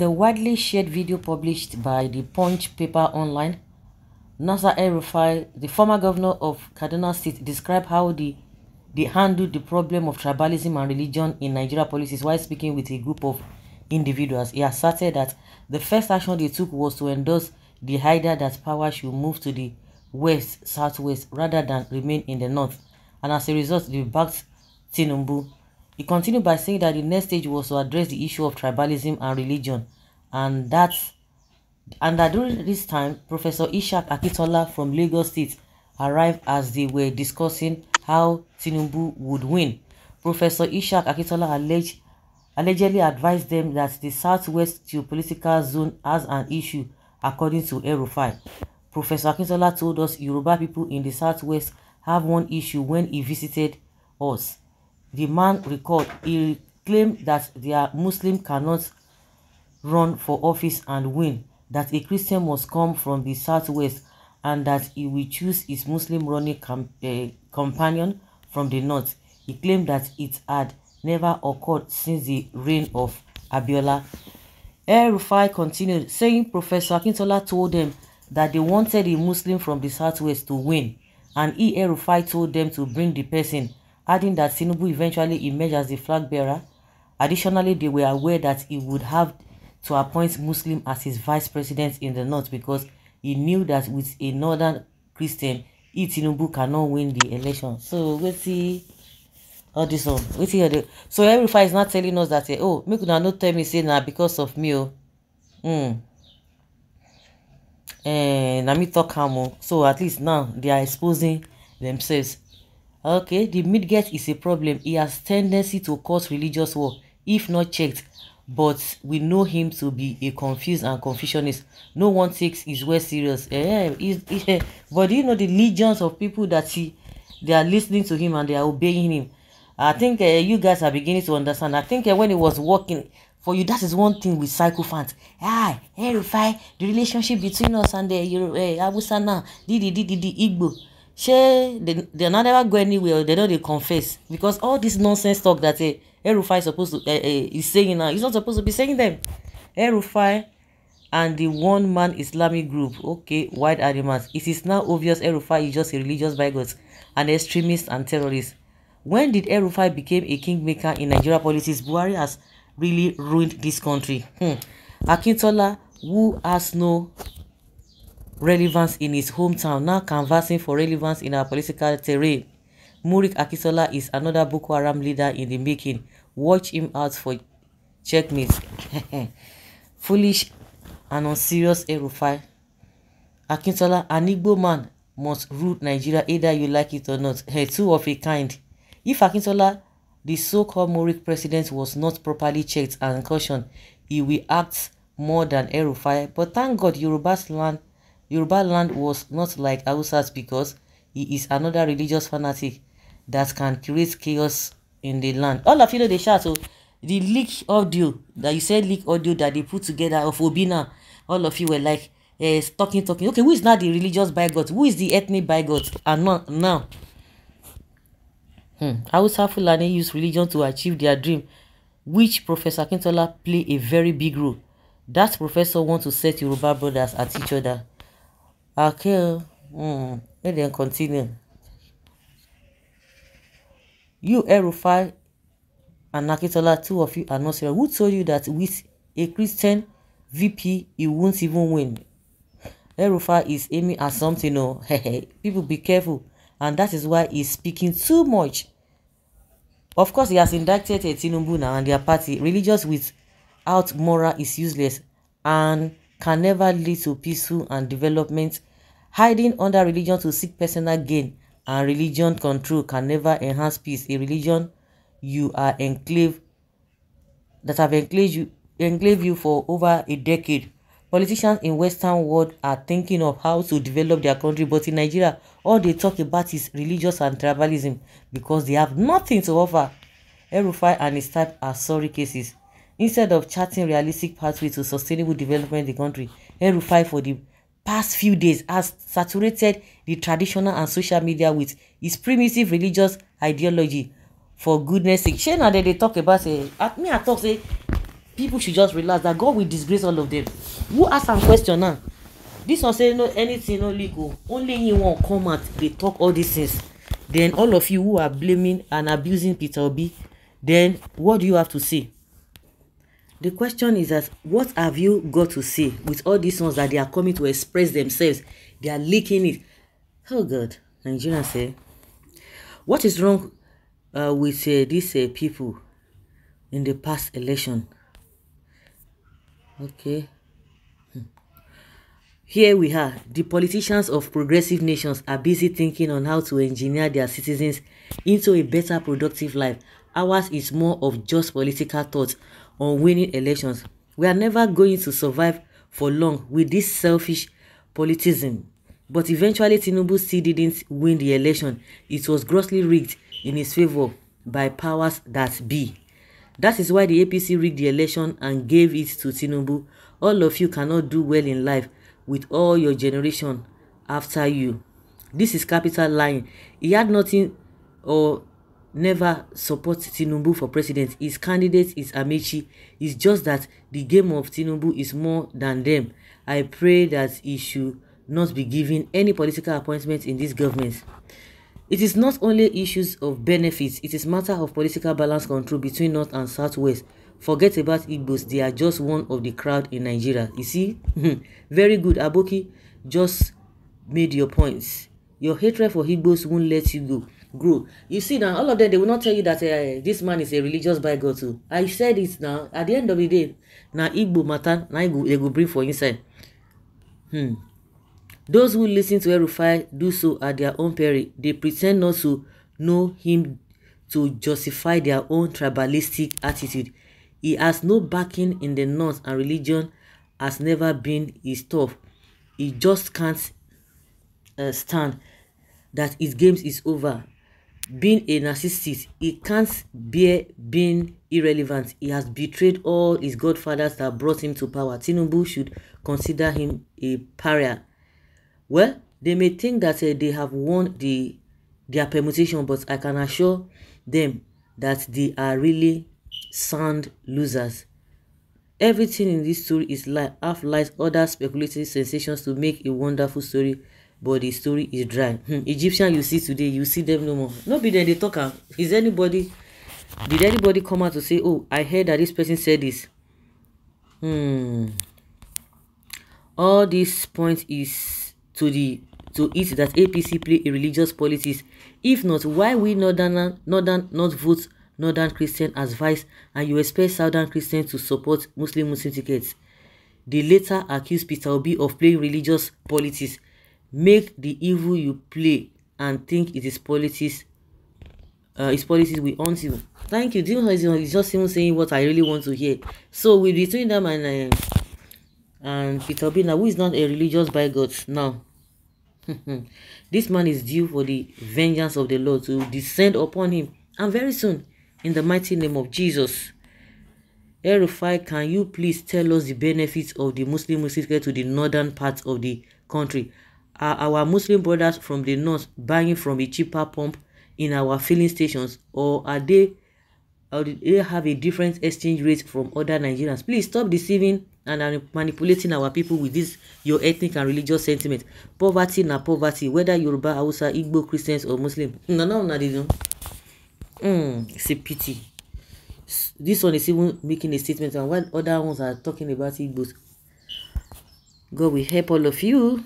the widely shared video published by the Punch paper online, Nasser El-Rufai, the former governor of Kaduna State, described how the, they handled the problem of tribalism and religion in Nigeria policies while speaking with a group of individuals. He asserted that the first action they took was to endorse the idea that power should move to the west-southwest rather than remain in the north. And as a result, they backed Tinubu he continued by saying that the next stage was to address the issue of tribalism and religion, and that and that during this time, Professor Ishak Akitola from Lagos State arrived as they were discussing how Tinubu would win. Professor Ishak Akitola alleged, allegedly advised them that the Southwest geopolitical zone has an issue, according to Erufai. Professor Akintola told us Yoruba people in the Southwest have one issue when he visited us. the man recalled. He claimed that their Muslim cannot run for office and win, that a Christian must come from the southwest and that he will choose his Muslim running com uh, eh, companion from the north. He claimed that it had never occurred since the reign of Abiola. El Rufai continued, saying Professor Akintola told them that they wanted a Muslim from the southwest to win, and E. El Rufai told them to bring the person adding that Sinubu eventually emerged as the flag bearer. Additionally, they were aware that he would have to appoint Muslim as his vice president in the north because he knew that with a northern Christian, he Tinubu cannot win the election. So we'll see all this one. We'll see the so Elrufai is not telling us that eh, oh make una not tell me say na because of me oh. Mm. Eh, na me talk am oh. So at least now they are exposing themselves. Okay, the midget is a problem. He has tendency to cause religious war if not checked, but we know him to be a confused and confusionist. No one takes his word serious. Eh, eh, eh, but do you know the legions of people that he, they are listening to him and they are obeying him? I think uh, you guys are beginning to understand. I think uh, when he was working for you, that is one thing with sycophants. Ah, hey, Rufai, the relationship between us and the uh, Didi, now, di di di di Igbo shey they they no never go anywhere they no dey confess because all this nonsense talk that eh erufai suppose to eh eh is saying now he's not suppose to be saying them erufai and the one man islamic group okay wide animals it is now obvious erufai is just a religious bigot an extremist and terrorist when did erufai became a kingmaker in nigeria politics buhari has really ruined this country hmm. akintola who has no relevance in his hometown now canvassing for relevance in our political terrain. Murik Akisola is another Boko Haram leader in the making. Watch him out for checkmate. Foolish and unserious Erufai. Akintola, an Igbo man must rule Nigeria either you like it or not. Hey, two of a kind. If Akintola, the so-called Murik president, was not properly checked and cautioned, he will act more than Erufai. But thank God Yoruba's land Yoruba land was not like Hausa's because he is another religious fanatic that can create chaos in the land. All of you know the chat. So the leak audio that you said leak audio that they put together of Obina, all of you were like uh, talking, talking. Okay, who is now the religious bigot? Who is the ethnic bigot? And not now. Hmm. Hausa Fulani use religion to achieve their dream, which Professor Akintola play a very big role. That professor want to set Yoruba brothers at each other. Okay, oh. mm, let them continue. You, Erufai, and Nakitola, two of you are not serious. Who told you that with a Christian VP, you won't even win? Erufai is aiming at something. Oh, people be careful. And that is why he's speaking too much. Of course, he has indicted Tinubu now and their party. Religious without moral is useless. And can never lead to peaceful and development. Hiding under religion to seek personal gain and religion control can never enhance peace. A religion you are enclave that have enclaved you enclave you for over a decade. Politicians in Western world are thinking of how to develop their country, but in Nigeria, all they talk about is religious and tribalism because they have nothing to offer. El-Rufai and his type are sorry cases instead of charting realistic pathway to sustainable development in the country El-Rufai for the past few days has saturated the traditional and social media with his primitive religious ideology for goodness sake shey na dem dey talk about say eh, at me i talk say people should just relax that god will disgrace all of them who ask am question now this one say no anything no legal. Oh. only him wan come out dey talk all these things then all of you who are blaming and abusing peter obi then what do you have to say The question is that what have you got to say with all these ones that they are coming to express themselves? They are leaking it. Oh God, Nigerians say, eh? what is wrong uh, with uh, these uh, people in the past election? Okay. Hmm. Here we are. The politicians of progressive nations are busy thinking on how to engineer their citizens into a better productive life. Ours is more of just political thought on winning elections. We are never going to survive for long with this selfish politism. But eventually Tinubu still didn't win the election. It was grossly rigged in his favor by powers that be. That is why the APC rigged the election and gave it to Tinubu. All of you cannot do well in life with all your generation after you. This is capital lying. He had nothing or never supports Tinubu for president. His candidate is Amechi. It's just that the game of Tinubu is more than them. I pray that he should not be given any political appointment in this government. It is not only issues of benefits, it is matter of political balance control between North and South West. Forget about Igbos, they are just one of the crowd in Nigeria. You see? Very good, Aboki. Just made your points. Your hatred for Igbos won't let you go grow you see now all of them they will not tell you that uh, this man is a religious by too i said it now at the end of the day na igbo matter na igbo they go bring for inside hmm. those who listen to erufai do so at their own peril they pretend not to know him to justify their own tribalistic attitude he has no backing in the north and religion has never been his stuff he just can't uh, stand that his games is over Being a narcissist, he can't bear being irrelevant. He has betrayed all his godfathers that brought him to power. Tinubu should consider him a pariah. Well, they may think that uh, they have won the their permutation, but I can assure them that they are really sound losers. Everything in this story is lie, half lies, other speculative sensations to make a wonderful story but the story is dry hmm, egyptian you see today you see them no more no be dem dey talk am is anybody did anybody come out to say oh i heard that this person said this hmm all this point is to the to it that apc play a religious politics if not why we northern northern not vote northern christian as vice and you expect southern christian to support muslim muslim tickets the latter accuse peter obi of playing religious politics make the evil you play and think it is politics uh, it's politics will haunt you thank you demon is is just even saying what i really want to hear so we between them and uh, and peter bina who is not a religious by god now this man is due for the vengeance of the lord to descend upon him and very soon in the mighty name of jesus erufai can you please tell us the benefits of the muslim secret to the northern part of the country are our Muslim brothers from the north buying from a cheaper pump in our filling stations or are they or do they have a different exchange rate from other Nigerians? Please stop deceiving and manipulating our people with this your ethnic and religious sentiment. Poverty na poverty, whether Yoruba, Hausa, Igbo, Christians or Muslim. na na no, no, no. Hmm, it's a pity. This one is even making a statement and while other ones are talking about Igbos. God will help all of you.